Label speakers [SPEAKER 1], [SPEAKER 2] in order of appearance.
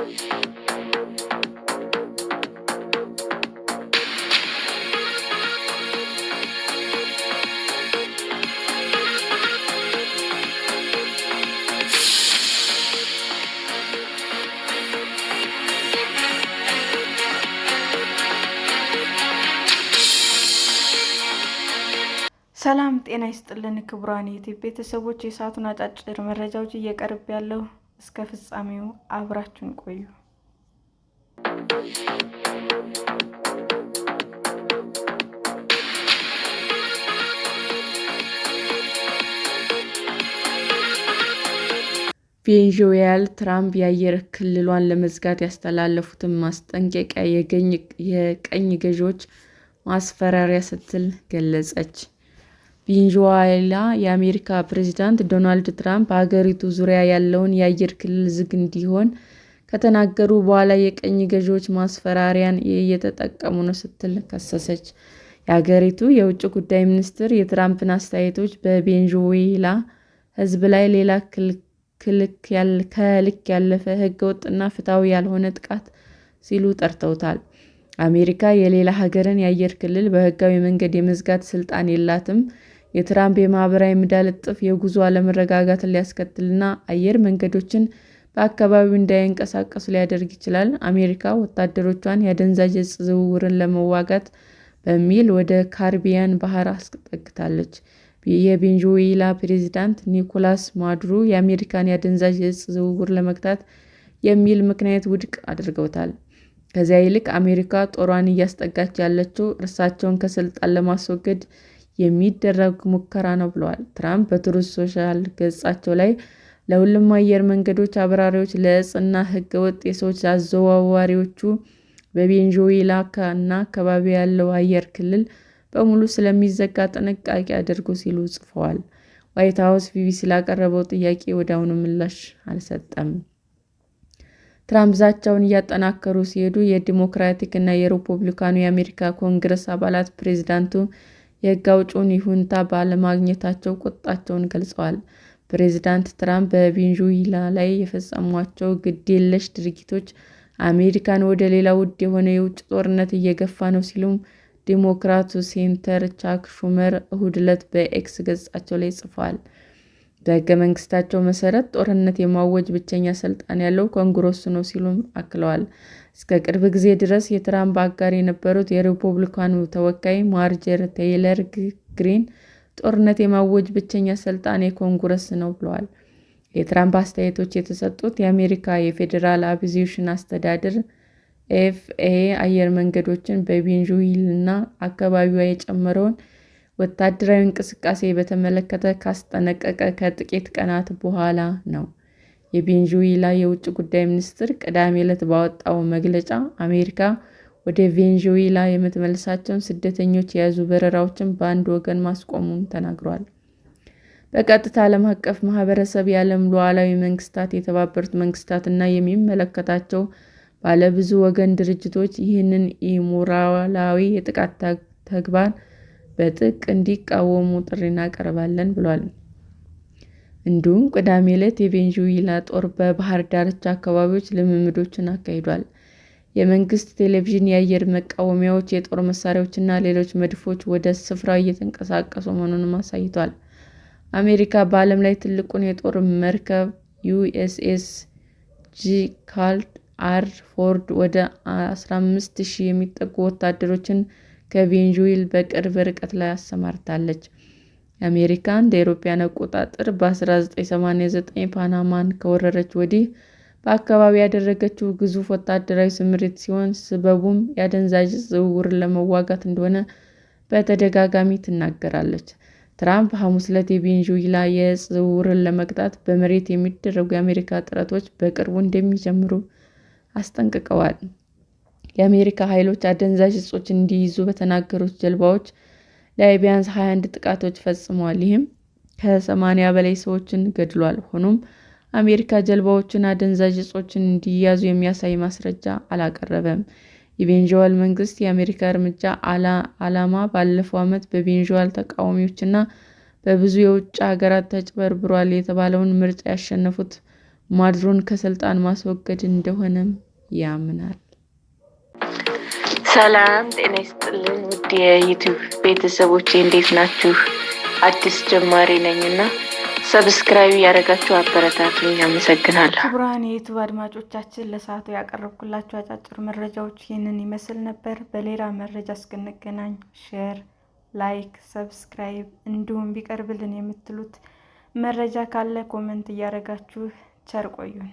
[SPEAKER 1] ሰላም ጤና ይስጥልን ክቡራን የዩቲዩብ ቤተሰቦች፣ የሰዓቱን አጫጭር መረጃዎች እየቀርብ ያለው እስከ ፍጻሜው አብራችን ቆዩ። ቬንዙዌላ ትራምፕ የአየር ክልሏን ለመዝጋት ያስተላለፉትን ማስጠንቀቂያ የቀኝ ገዢዎች ማስፈራሪያ ስትል ገለጸች። ቬንዙዌላ የአሜሪካ ፕሬዝዳንት ዶናልድ ትራምፕ በሀገሪቱ ዙሪያ ያለውን የአየር ክልል ዝግ እንዲሆን ከተናገሩ በኋላ የቀኝ ገዢዎች ማስፈራሪያን እየተጠቀሙ ነው ስትል ከሰሰች። የሀገሪቱ የውጭ ጉዳይ ሚኒስትር የትራምፕን አስተያየቶች በቬንዙዌላ ሕዝብ ላይ ሌላ ከልክ ያለፈ ሕገወጥና ፍትሐዊ ያልሆነ ጥቃት ሲሉ ጠርተውታል። አሜሪካ የሌላ ሀገርን የአየር ክልል በሕጋዊ መንገድ የመዝጋት ስልጣን የላትም የትራምፕ የማህበራዊ ሚዲያ ልጥፍ የጉዞ አለመረጋጋትን ሊያስከትልና አየር መንገዶችን በአካባቢው እንዳይንቀሳቀሱ ሊያደርግ ይችላል። አሜሪካ ወታደሮቿን የአደንዛዥ ዕፅ ዝውውርን ለመዋጋት በሚል ወደ ካሪቢያን ባህር አስጠግታለች። የቬንዙዌላ ፕሬዝዳንት ኒኮላስ ማዱሮ የአሜሪካን የአደንዛዥ ዕፅ ዝውውር ለመግታት የሚል ምክንያት ውድቅ አድርገውታል። ከዚያ ይልቅ አሜሪካ ጦሯን እያስጠጋች ያለችው እርሳቸውን ከስልጣን ለማስወገድ የሚደረግ ሙከራ ነው ብለዋል። ትራምፕ በትሩዝ ሶሻል ገጻቸው ላይ ለሁሉም አየር መንገዶች አብራሪዎች፣ ለዕፅ እና ሕገወጥ የሰዎች አዘዋዋሪዎቹ፣ በቬንዙዌላ እና አካባቢ ያለው አየር ክልል በሙሉ ስለሚዘጋ ጥንቃቄ አድርጉ ሲሉ ጽፈዋል። ዋይት ሀውስ ቢቢሲ ላቀረበው ጥያቄ ወደ አሁኑ ምላሽ አልሰጠም። ትራምፕ ዛቻውን እያጠናከሩ ሲሄዱ የዲሞክራቲክ እና የሪፐብሊካኑ የአሜሪካ ኮንግረስ አባላት ፕሬዝዳንቱ የሕግ አውጪውን ይሁንታ ባለማግኘታቸው ቁጣቸውን ገልጸዋል። ፕሬዚዳንት ትራምፕ በቬንዙዌላ ላይ የፈጸሟቸው ግዴለሽ ድርጊቶች አሜሪካን ወደ ሌላ ውድ የሆነ የውጭ ጦርነት እየገፋ ነው ሲሉም ዲሞክራቱ ሴንተር፣ ቻክ ሹመር እሁድ ዕለት በኤክስ ገጻቸው ላይ ጽፈዋል። በህገ መንግስታቸው መሠረት ጦርነት የማወጅ ብቸኛ ስልጣን ያለው ኮንግረሱ ነው ሲሉም አክለዋል። እስከ ቅርብ ጊዜ ድረስ የትራምፕ አጋር የነበሩት የሪፐብሊካኑ ተወካይ ማርጀር ቴይለር ግሪን ጦርነት የማወጅ ብቸኛ ሰልጣን የኮንግረስ ነው ብለዋል። የትራምፕ አስተያየቶች የተሰጡት የአሜሪካ የፌዴራል አቪዬሽን አስተዳደር ኤፍኤ አየር መንገዶችን በቢንዥዊል እና አካባቢዋ የጨመረውን ወታደራዊ እንቅስቃሴ በተመለከተ ካስጠነቀቀ ከጥቂት ቀናት በኋላ ነው። የቬንዙዌላ የውጭ ጉዳይ ሚኒስትር ቅዳሜ ዕለት ባወጣው መግለጫ አሜሪካ ወደ ቬንዙዌላ የምትመልሳቸውን ስደተኞች የያዙ በረራዎችን በአንድ ወገን ማስቆሙን ተናግሯል። በቀጥታ ዓለም አቀፍ ማህበረሰብ፣ የዓለም ሉዓላዊ መንግስታት፣ የተባበሩት መንግስታት እና የሚመለከታቸው ባለብዙ ወገን ድርጅቶች ይህንን ኢሞራላዊ የጥቃት ተግባር በጥብቅ እንዲቃወሙ ጥሪ እናቀርባለን ብሏል። እንዲሁም ቅዳሜ ዕለት የቬንዙዌላ ጦር በባህር ዳርቻ አካባቢዎች ልምምዶችን አካሂዷል። የመንግስት ቴሌቪዥን የአየር መቃወሚያዎች፣ የጦር መሳሪያዎችና ሌሎች መድፎች ወደ ስፍራው እየተንቀሳቀሱ መሆኑንም አሳይቷል። አሜሪካ በዓለም ላይ ትልቁን የጦር መርከብ ዩኤስኤስ ጂራልድ አር ፎርድ ወደ ሺህ የሚጠጉ ወታደሮችን ከቬንዙዌላ በቅርብ ርቀት ላይ አሰማርታለች። አሜሪካ እንደ አውሮፓውያን አቆጣጠር በ1989 ፓናማን ከወረረች ወዲህ በአካባቢ ያደረገችው ግዙፍ ወታደራዊ ስምሪት ሲሆን ስበቡም የአደንዛዥ ዕፅ ዝውውርን ለመዋጋት እንደሆነ በተደጋጋሚ ትናገራለች። ትራምፕ ሐሙስ ዕለት የቬንዙዌላ የዕፅ ዝውውርን ለመግታት በመሬት የሚደረጉ የአሜሪካ ጥረቶች በቅርቡ እንደሚጀምሩ አስጠንቅቀዋል። የአሜሪካ ኃይሎች አደንዛዥ እጾች እንዲይዙ በተናገሩት ጀልባዎች ላይ ቢያንስ 21 ጥቃቶች ፈጽመዋል። ይህም ከ80 በላይ ሰዎችን ገድሏል። ሆኖም አሜሪካ ጀልባዎችን አደንዛዥ እጾችን እንዲያዙ የሚያሳይ ማስረጃ አላቀረበም። የቬንዙዌላ መንግስት የአሜሪካ እርምጃ ዓላማ ባለፈው ዓመት በቬንዙዌላ ተቃዋሚዎችና በብዙ የውጭ ሀገራት ተጭበርብሯል የተባለውን ምርጫ ያሸነፉት ማድሮን ከስልጣን ማስወገድ እንደሆነም ያምናል።
[SPEAKER 2] ሰላም ጤና ይስጥልን ውድ ቤተሰቦች እንዴት ናችሁ? አዲስ ጀማሪ ነኝ እና ሰብስክራይብ ያደረጋችሁ አበረታቱ። አመሰግናለሁ። ክቡራን የዩቱብ አድማጮቻችን ለሰዓቱ ያቀረብኩላችሁ አጫጭር መረጃዎች ይህንን ይመስል ነበር። በሌላ መረጃ እስክንገናኝ ሼር፣ ላይክ፣ ሰብስክራይብ እንዲሁም ቢቀርብልን የምትሉት መረጃ ካለ ኮመንት እያደረጋችሁ ቸር ቆዩን።